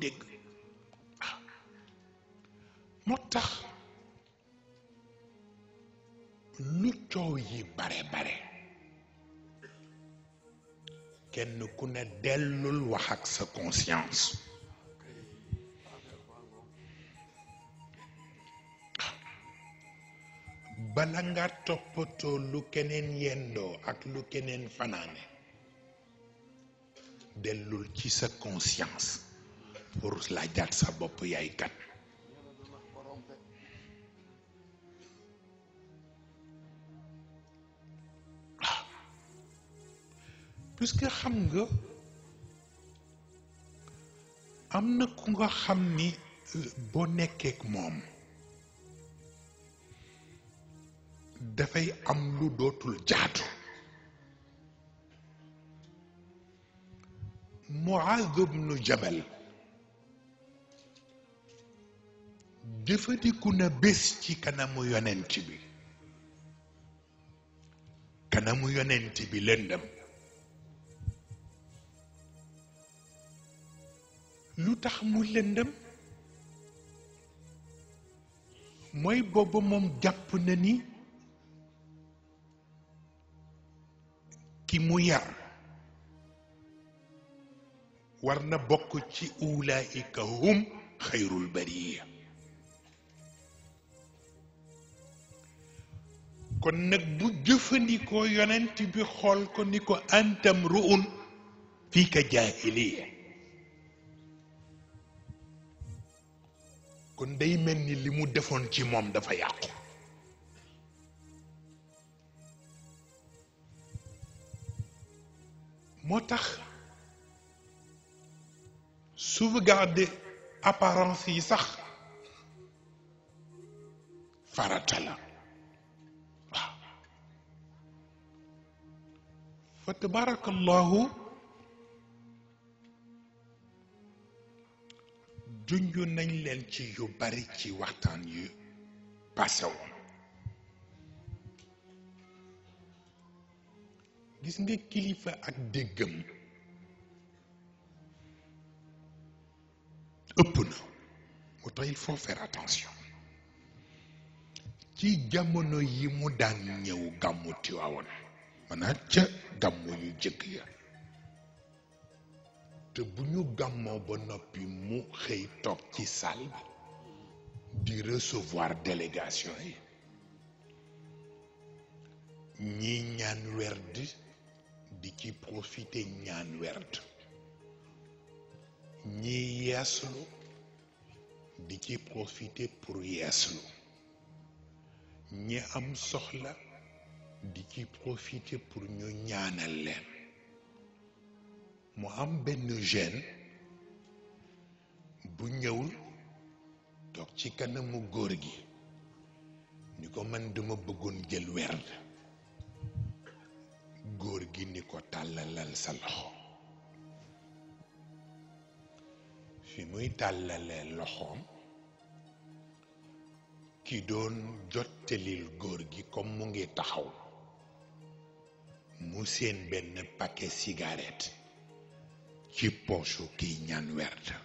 dégg moo tax lu coow yi bare bare kenn ku ne dellul wax ak sa nga toppatoo lu keneen yendoo ak lu keneen fanaane dellul ci sa conscience pour laajaat sa bopp yaay kat waaw ah. puisque xam nga am na ku nga xam ni euh, boo nekkeek moom dafay am lu dootul jaatu Muaaz ibnu Jabal jëfandiku na bés ci kanamu yonent bi kanamu yonent bi lendam lutax mu lendam moy bobu mom jàpp na ni ki mu yar warna bokku ci ulaika hum xayrul bariya kon nag bu jëfandikoo yonent bi xool ko ni ko antam ru'un fii ka jaahiliya kon day mel ni li mu defoon ci moom dafa yàqu moo tax sauvegarder apparence yi sax farata fa tabarakallahu junj nañ leen ci yu bari ci waxtaan yu passé gis nga kilifa ak déggam ëpp na moo tax il attention ci jamono yi mu daan ñëw gàmmu Tiwaawan maanaam ca gàmmu yu jëkk ya te bu ñu gàmmoo ba noppi mu xëy toog ci salle bi di recevoir délégation yi ñi ñaan werd di ci profité ñaan werd ñi yeeslu di ci profité pour yeeslu ñi am soxla di ci profiter pour ñu ñaanal leen mu am benn jeune bu ñëwul toog ci kanamu góor gi ni ko man dama bëggoon jël werd góor gi ni ko tàllalal sa loxo fi muy tàllalee loxoom ki doon jottalil góor gi comme mu ngi taxaw mu seen benn paquet cigarette ci poche kiy ñaan werta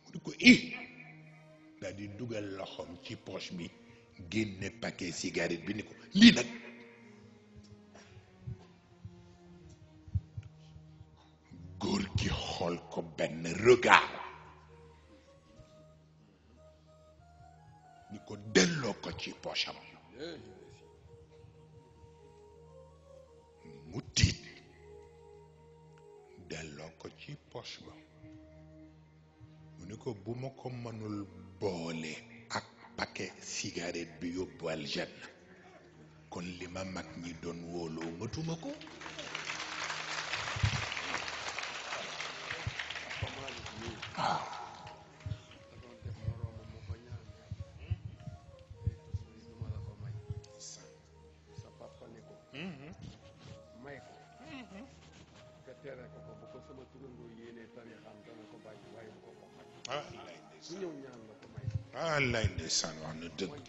mu di ko i daal di dugal loxoom ci poche bi génne paquet cigarette bi ni ko lii nag gi xool ko benn regard ni ko delloo ko ci poche am mu tiit delloo ko ci poche ba mu ni ko bu ma ko mënul boole ak paquet cigarette bi yóbbu aljanna kon li ma mag ñi doon wóoloo matuma ko wallaay ndeysaan wax na dëgg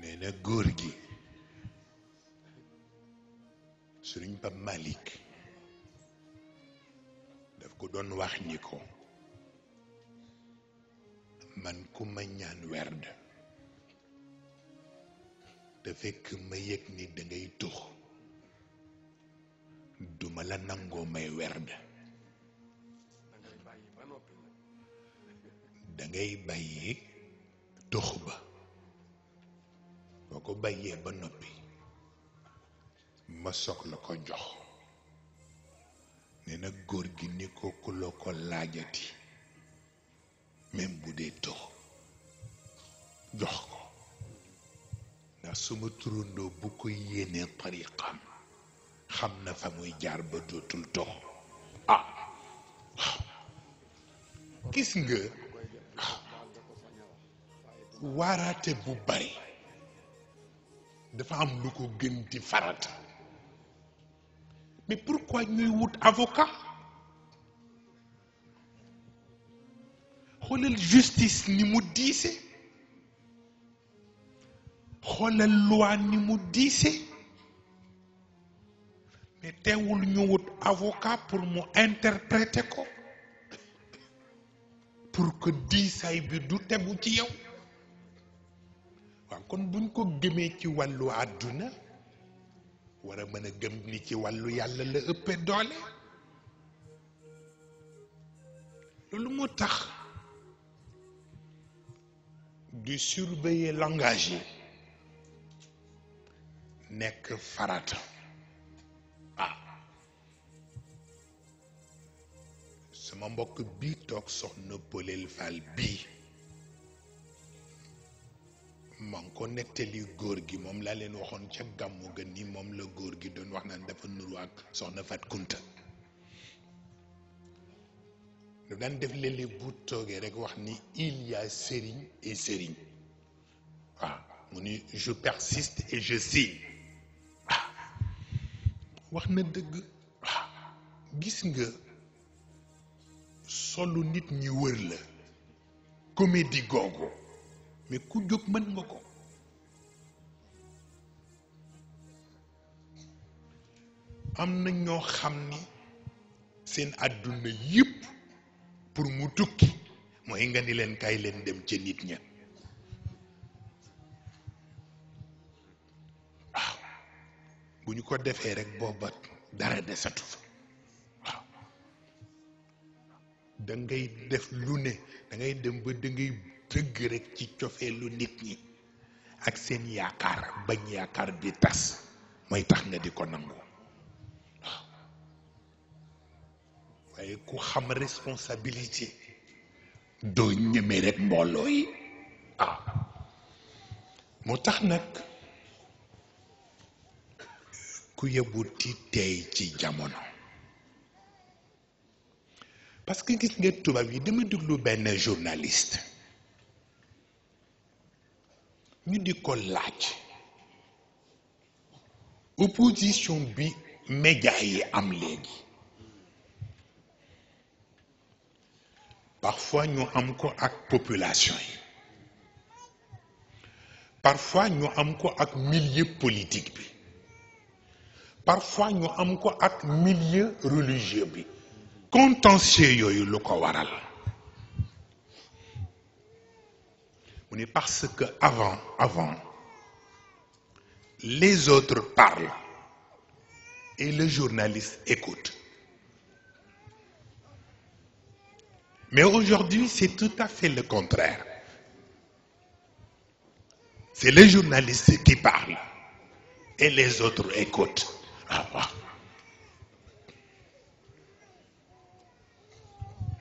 nee na góor gi sëriñ Pape Malick daf ko doon wax ni ko man ku ma ñaan werd te fekk ma yëg ni dangay tux duma la nangoo may werd dangay bàyyi tux ba boo ko bàyyee ba noppi ma soog la ko jox nee na góor gi ni ko ku la ko laajati même bu dee tux jox ko ndax suma turandoo bu ko yéenee tariqam xam na fa muy jaar ba dootul tux ah! gis nga wara te bou bay defa am loukou gen di farat me poukwa ny wout avoka kwenel justis ni moudise kwenel lwa ni moudise me te woul ny wout avoka pou moun interpreteko pour que diisaay bi du tebu ci yow wa kon buñ ko gëmee ci walu aduna wara vous ni ci walu yalla la surveiller langage n'est que farata sama mbokk bii toog soxna pëleel fal bii man ko nettali góor gi moom laa leen waxoon ca gàmmu ga ni moom la góor gi doon wax naan dafa nuru ak soxna Fat Kunta lu daan def léeg-léeg bu toogee rek wax ni il y a sëriñ et sëriñ waaw ah, mu je persiste et je signe ah, wax na dëgg waaw ah, gis nga solo nit ñi wër la comédie gogo. mais ku jog mën nga ko am na ñoo xam ni seen àdduna yépp pour mu tukki mooy nga ni leen kay leen dem ca nit ña bu ñu ko defee rek booba dara desatu fa da ngay def lu ne da ngay dem ba da ngay dëgg rek ci cofeelu nit ñi ak seen yaakaar bañ yaakaar bi tas mooy tax nga di ko nangu waaw waaye ku xam responsabilité doo ñeme rek mbooloo ah. moo tax nag ku yebu ti tey ci jamono Parce que qui est tout à l'heure, je suis un journaliste. Je suis un collage. Opposition est méga et Parfois, nous avons encore la population. Parfois, nous avons encore le milieu politique. Parfois, nous avons encore le milieu religieux contentieux yoyu Kawaral, waral parce que avant avant les autres parlent et le journaliste écoute mais aujourd'hui c'est tout à fait le contraire c'est les journalistes qui parle et les autres écoutent ah, ah.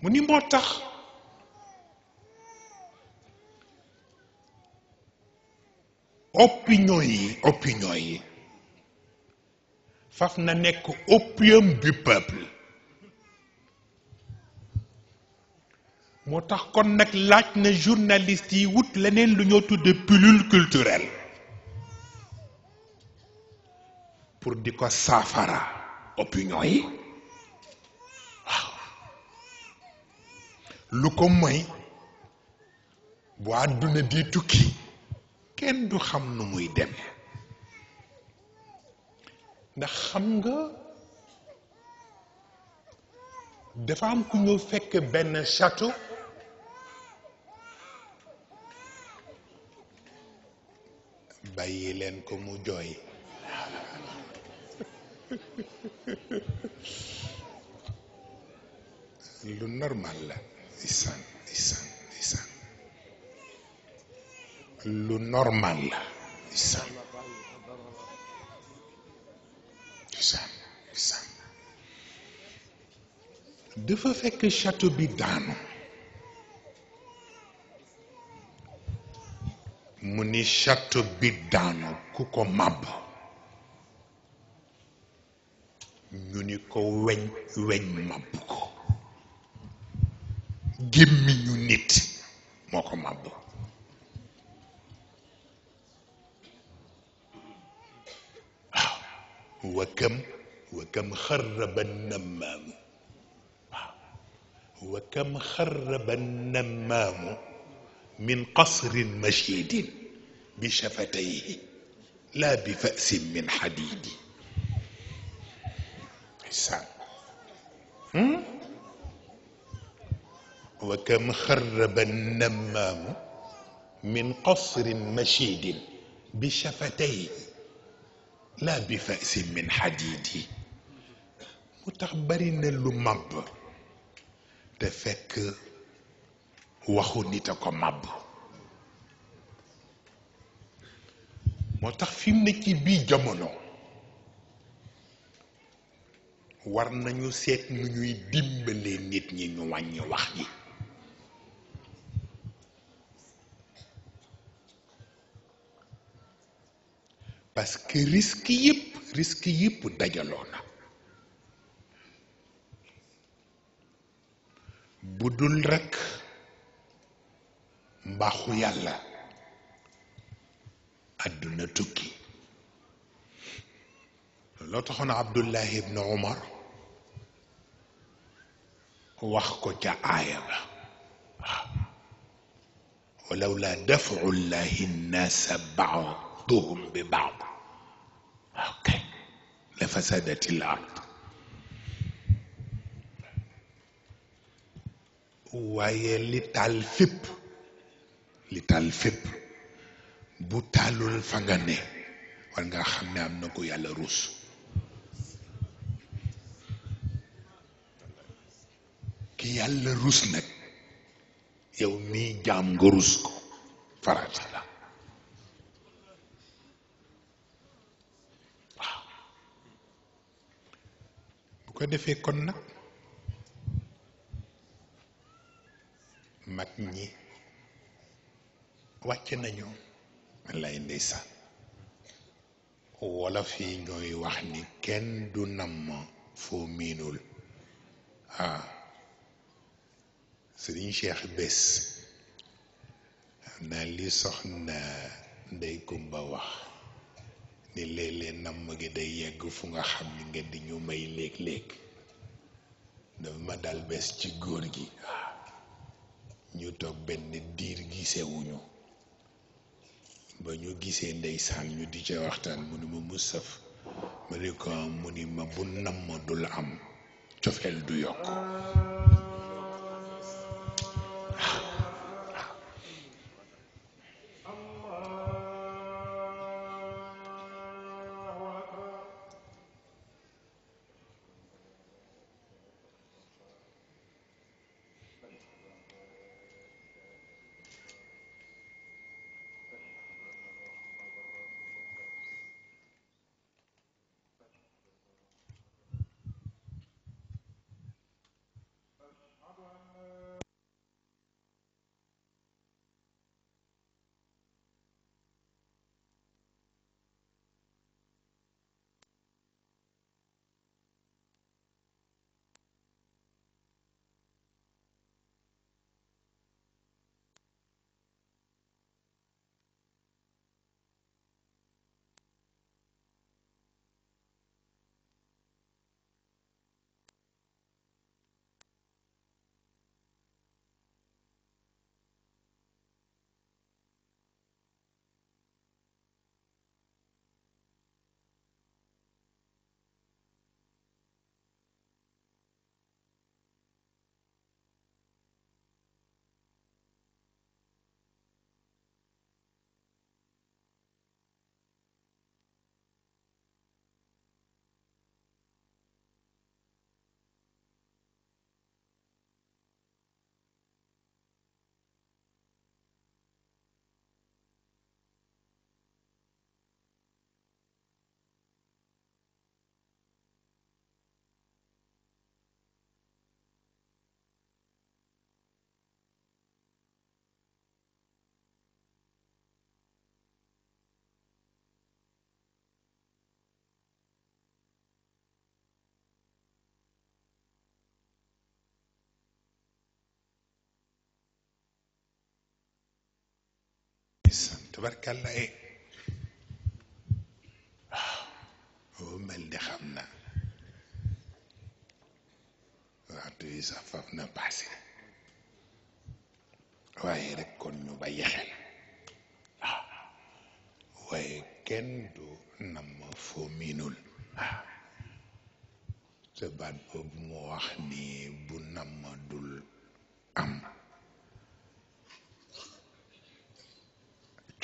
mu ni opinion yi opinion yi faf na opium du peuple motax kon nak laaj na journaliste yi wut leneen lu ñoo tudde pilule culturelle pour di ko saafara opinion yi lu ko moy bu àdduna di tukki kenn du xam nu muy dem ndax xam nga dafa am ku ñu fekk benn château bàyyi leen ko mu jooy lu normal la lu normal la dafa fekk château bi daanu mu ni château bi daanu ku ko màbb ñu ni ko weñ weñ màbb ko give me unity. Mokomabo. وكم وكم خرب النمام وكم خرب النمام من قصر مشيد بشفتيه لا بفأس من حديد حسان وكم خرب النمام من قصر مشيد بشفتيه لا بفأس من حديد متخبرين اللمب تفك وخونتك مب متخفين كي بي جمونو war nañu seet nu ñuy dimbalee nit ñi parce que risque yëpp risque yëpp dajaloo na bu dul rekk mbaaxu yàlla àdduna tukki loo taxoon Abdullahi ibn Umar wax ko ca aaya ba waaw walaw laa dafcu llahi nnaasa bacduhum bi bacd waaw kay la fasadati waaye li taal fépp li taal fépp bu taalul fa nga ne war nga xam ne am na ko yàlla ruus ki yàlla ruus nag yow mii jaam nga ruus ko farata la ko defee kon nag mag ñi wàcc nañu lay ndeysaan wolof yi ñooy wax ni kenn du namm foo miinul ah sëriñ Cheikh bés am naa li soxna Ndey Kumba wax ni léeg namm gi day yegg fu nga xam ni nga di ñu may léeg-léeg dafa ma dal bés ci góor gi ñu toog benn diir gisewuñu ba ñu gisee ndeysaan ñu di ca waxtaan mu ni ma mu sëf ma ne ko mu ni ma bu namm dul am cofeel du yokk tubarkalla eh waaw mel ni xam naa waxtu yi sax faf na passé waaye rek kon ñu bàyyi xel waaw waaye kenn du nam foo miinul waaw sa baat boobu mu wax ni bu nam dul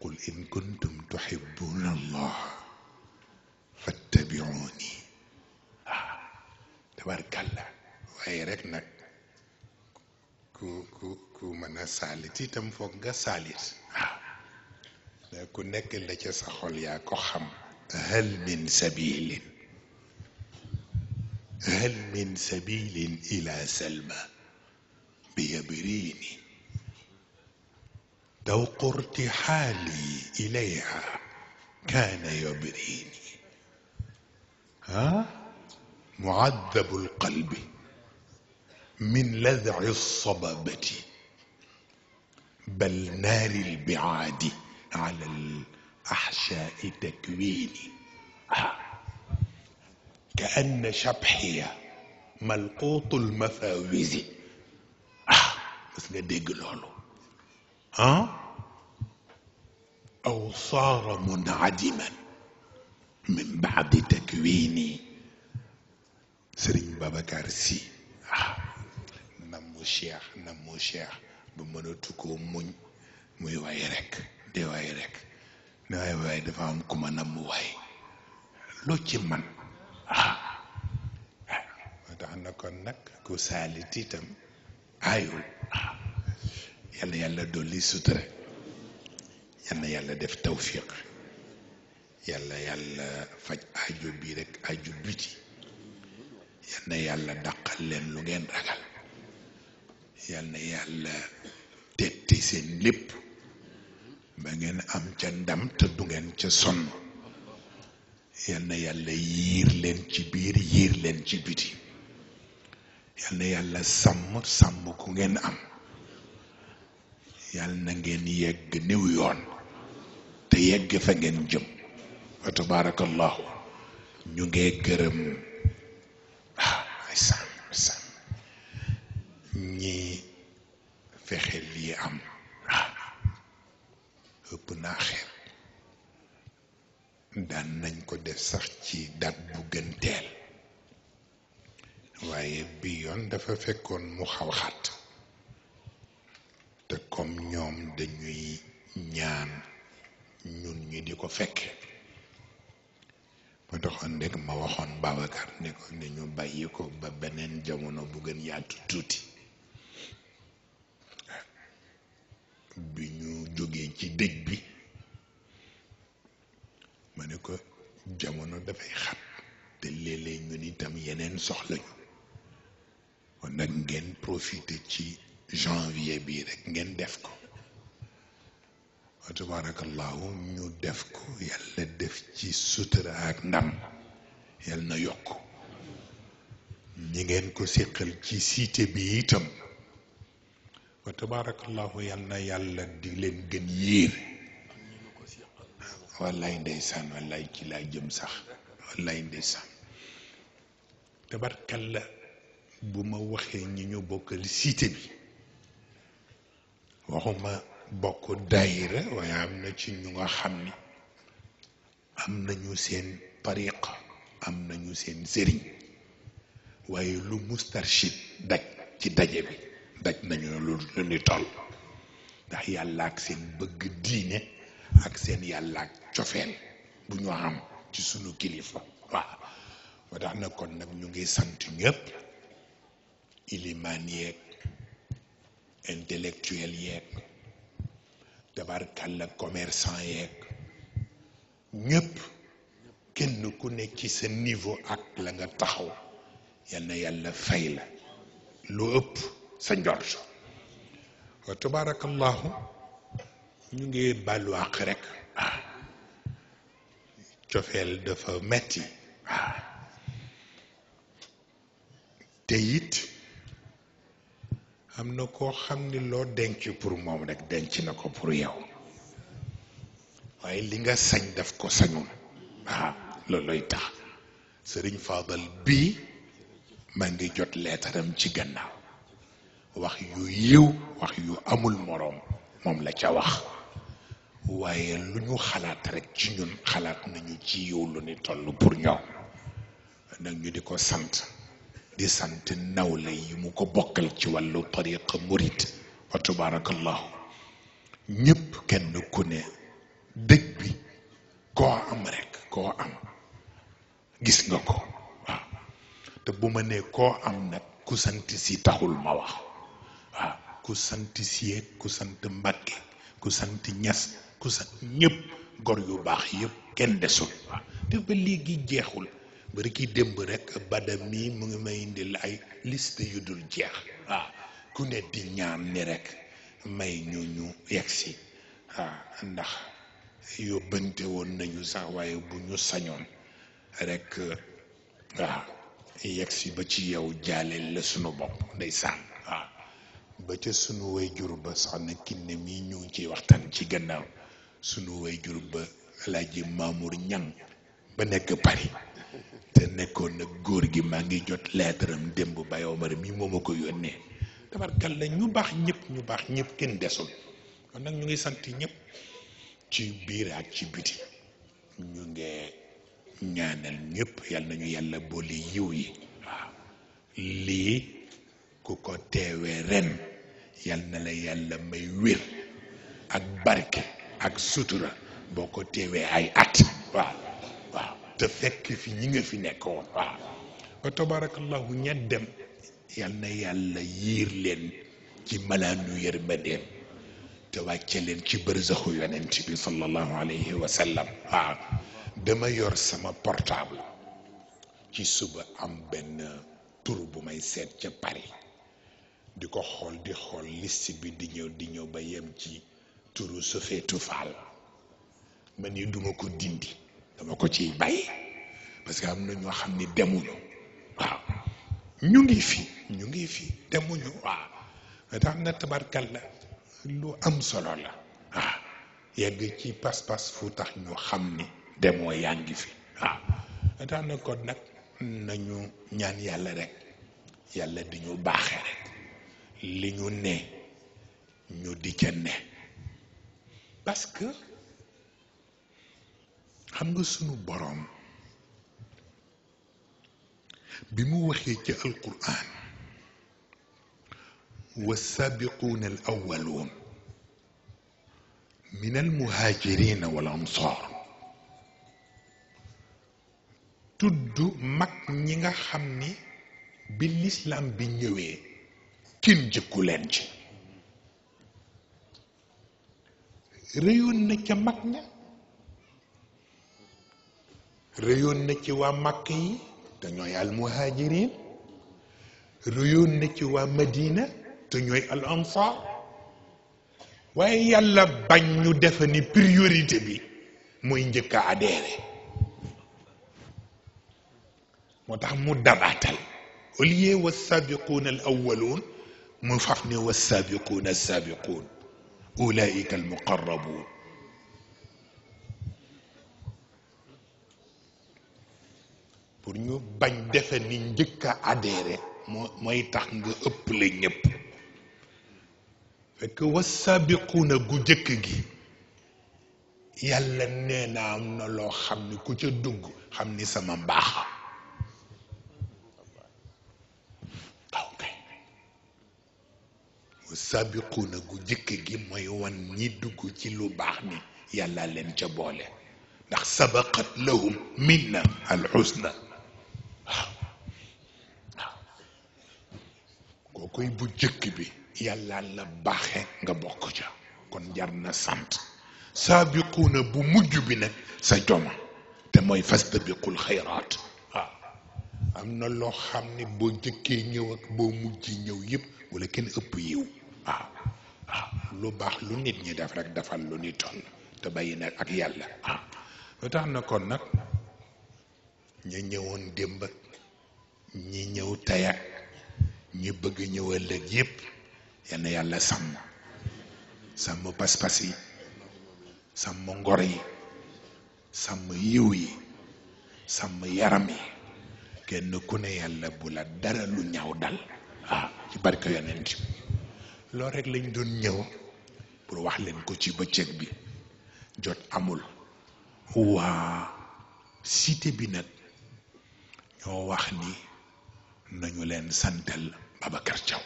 قل إن كنتم تحبون الله فاتبعوني آه، تبارك الله ويركنا كو منا سالتي تم فوق سالت آه. لكن نك لك سخول يا كخم هل من سبيل هل من سبيل إلى سلمى بيبريني ذوق ارتحالي إليها كان يبريني ها معذب القلب من لذع الصبابة بل نار البعاد على الأحشاء تكويني كأن شبحي ملقوط المفاوز مثل ديجلولو أه؟ أو صار منعدما من بعد تكويني سرين بابا كارسي نمو شيخ نمو شيخ بمنو تكو مون موي واي ريك دي واي ريك نواي واي دفا ام كوما نمو واي لو تي مان دا أه. نكون نك كو سالتي تم ايول yal na yàlla dolli sutura yal yàlla def tawfiq yàlla yàlla faj ajo bii rek aajo biti yal yàlla dàqal leen lu ngeen ragal yal na yàlla tetti seen lépp ba ngeen am ca ndam te du ngeen ca sonn yal na yàlla yiir leen ci biir yiir leen ci biti yal yàlla sàmm sàmm ku ngeen am yàlla na ngeen yegg niw yoon te yegg fa ngeen jëm wa ñu ngee gërëm ah ay sàmm ñi fexe lii am ah ëpp naa xeet daan nañ ko def sax ci dat bu gën teel waaye bi yoon dafa fekkoon mu xaw xat te comme ñoom dañuy ñaan ñun ñi di ko fekk ma taxoon rek ma waxoon Babacar ne ne ñu bàyyi ko ba beneen jamono bu gën yaatu tuuti bi ñu jógee ci dëj bi ma ne ko jamono dafay xat te léeg-léeg ñun itam yeneen soxlañu kon nag ngeen profité ci janvier bii rek ngeen def ko wa tabarakallahu ñu def ko yàlla def ci sutura ak ndam yàlla na yokk ñi ngeen ko séqal ci cité bi itam wa yàlla na yàlla di leen gën yiir wallaay ndeysaan wallaay ci laa jëm sax wallaay ndeysaan tabarkalla bu ma waxee ñi ñu bokkal cité bi waxuma bokk hmm. daayira waaye am na ci ñu nga xam ni am nañu seen tariqa am nañu seen sëriñ waaye lu mustarshid daj ci daje bi daj nañu lu lu ni toll ndax yàlla ak seen bëgg diine ak seen yàlla ak cofeel bu ñu am ci sunu kilifa waaw moo tax na kon nag ñu ngi sant ñëpp ilimaan yeeg intellectuel yeeg tabarkalla commerçant yeeg ñépp kenn ku nekk ci sa niveau ak la nga taxaw yal na yàlla fay la lu ëpp sa njort wa tabarakallahu ñu ngi bàllu rekk rek ah, cofeel dafa metti ah am na koo xam ni loo denc pour moom rek denc na ko pour yow waaye li nga sañ daf ko sañul waaw loolooy tax sëriñ Fadal bii maa ngi jot leetaram ci gannaaw wax yu yiw wax yu amul moroom moom la ca wax waaye lu ñu xalaat rek ci ñun xalaat nañu ci yiw lu ni toll pour ñoom nag ñu di ko sant di sant nawle yi mu ko bokkal ci wàllu tariqa murit fa tabarakallahu ñëpp kenn ku ne dëkk bi koo am rek koo am gis nga ko waaw te bu ma nee koo am nag ku sant si taxul ma wax waaw ku sant si ku sant Mbàkke ku sant Ñas ku sant ñëpp gor yu baax yépp kenn desul te ba léegi jeexul bari ki démb rekk badam mi mu ngi may indil ay list yu dul jeex waaw ku ne di ñaan ni rek may ñu ñu yegsi waaw ndax yóbbante woon nañu sax waaye bu ñu sañoon rek waaw yegsi ba ci yow jaaleel la sunu bopp ndeysaan waaw ba ca sunu way jur ba sax na kinne mii ñu ngi ciy waxtaan ci gannaaw sunu way jur ba laaji Mamour Ñang ba nekk Paris te nekkoon nag góor gi maa ngi jot lettre am démb Baye Omar mi moo ma ko yónnee tabarkal la ñu baax ñëpp ñu baax ñëpp kenn desul kon nag ñu ngi sant ñëpp ci biir ak ci biti ñu ngi ñaanal ñëpp yàlla nañu yàlla boole yiw yi lii ku ko teewee ren yàlla na la yàlla may wér ak barke ak sutura boo ko teewee ay at te fekk fi ñi nga fi nekkoon waaw wa tabarakallahu ña dem yàlla yiir leen ci malaanu yërmandeem te wàcce leen ci bërzaxu yonent bi sallallahu alayhi wa sallam waaw dama yor sama portable ci suba am benn tur bu may seet ca Paris di ko xool di xool liste bi di ñëw di ñëw ba yem ci turu Sofeetu Faal man yi duma ko dindi dama ko ci bàyyi parce que am na ñoo xam ni demuñu waaw ñu ngi fi ñu ngi fi demuñu waaw nga tax na tabarkal la lu am solo la waaw yegg ci pas-pas fu tax ñu xam ni demoo yaa ngi fi waaw nga tax na kon nag nañu ñaan yàlla rek yàlla di ñu baaxe rek li ñu ne ñu di ca ne parce xam nga sunu borom bi mu waxee ci alquran والسابقون الأولون من المهاجرين والأنصار tudd mag ñi nga xam ni bi lislaam bi ñëwee kin jëkku leen ci réyoon na ca mag ña ريون نتي ومكي تنوي المهاجرين ريون نتي ومدينة تنوي الأنصار ويالا بانيو دفني بريوريتي بي موي نجيكا اديري موتاخ مو داباتال اولي والسابقون الاولون مفخني والسابقون السابقون اولئك المقربون pour ñu bañ defe ni njëkk a mooy tax nga ëpp la ñëpp fekk wasabiquuna gu jëkk gi yàlla neena am na loo xam ni ku ca dugg xam ni sama mbaax ok gu jëkk gi mooy wan ñi dugg ci lu baax ni yàlla leen ca boole ndax sabaqat lahum minna al koy bu jëkk bi yàlla la baaxe nga bokk ca kon jar na sant saabiquuna bu mujj bi nag sa joma te mooy fas fastabiqul xayraat waaw am na loo xam ne boo jëkkee ñëw ak boo mujj ñëw yëpp wala kenn ëpp yiw lu baax lu nit ñi def rek defal lu ni toll te bàyyi nag ak yàlla loo tax na kon nag ña ñëwoon démb ñi ñëw tey ñi bëgg ñëw ëllëg yépp yenn yàlla sàmm sàmm paspas pas yi sàmm ngor yi sàmm yiw yi sàmm yaram yi kenn ku ne yàlla bu la dara lu ñaaw dal ah ci barke yonent loolu rek lañ doon ñëw pour wax leen ko ci bëccëg bi jot amul waa cité bi nag ñoo wax ni nañu leen santal Babacar Thiaw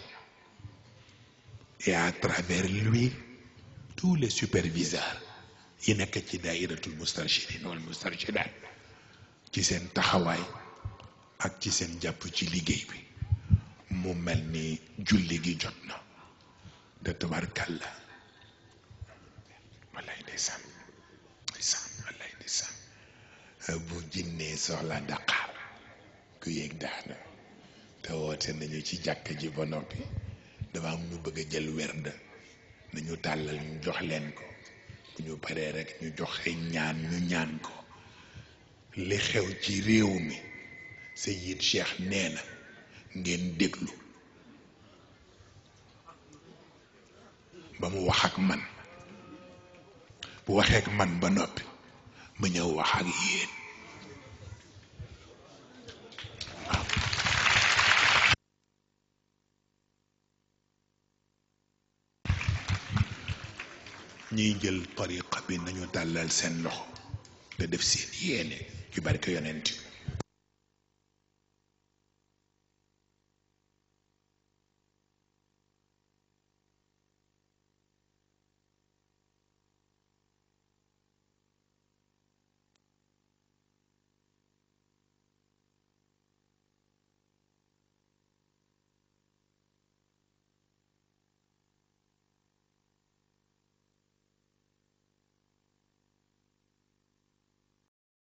et à lui tous les superviseurs yi nekk ci daayiratul mustarchidin ci seen taxawaay ak ci seen jàpp ci liggéey bi mu mel ni julli gi jot na te tabarkàlla wallaay bu jinnee soxla daqaar ku yéeg daana te woote nañu ci jàkk ji ba noppi dafa am ñu bëgg a jël werd nañu tàllal ñu jox leen ko ñu pare rekk ñu joxe ñaan ñu ñaan ko li xew ci réew mi Seyid Cheikh nee na ngeen déglu ba mu wax ak man bu waxee man ba noppi ba ñëw wax ak yéen ñiy jël tariqa bi nañu tàllal seen loxo te def seen yéene ci barke yonent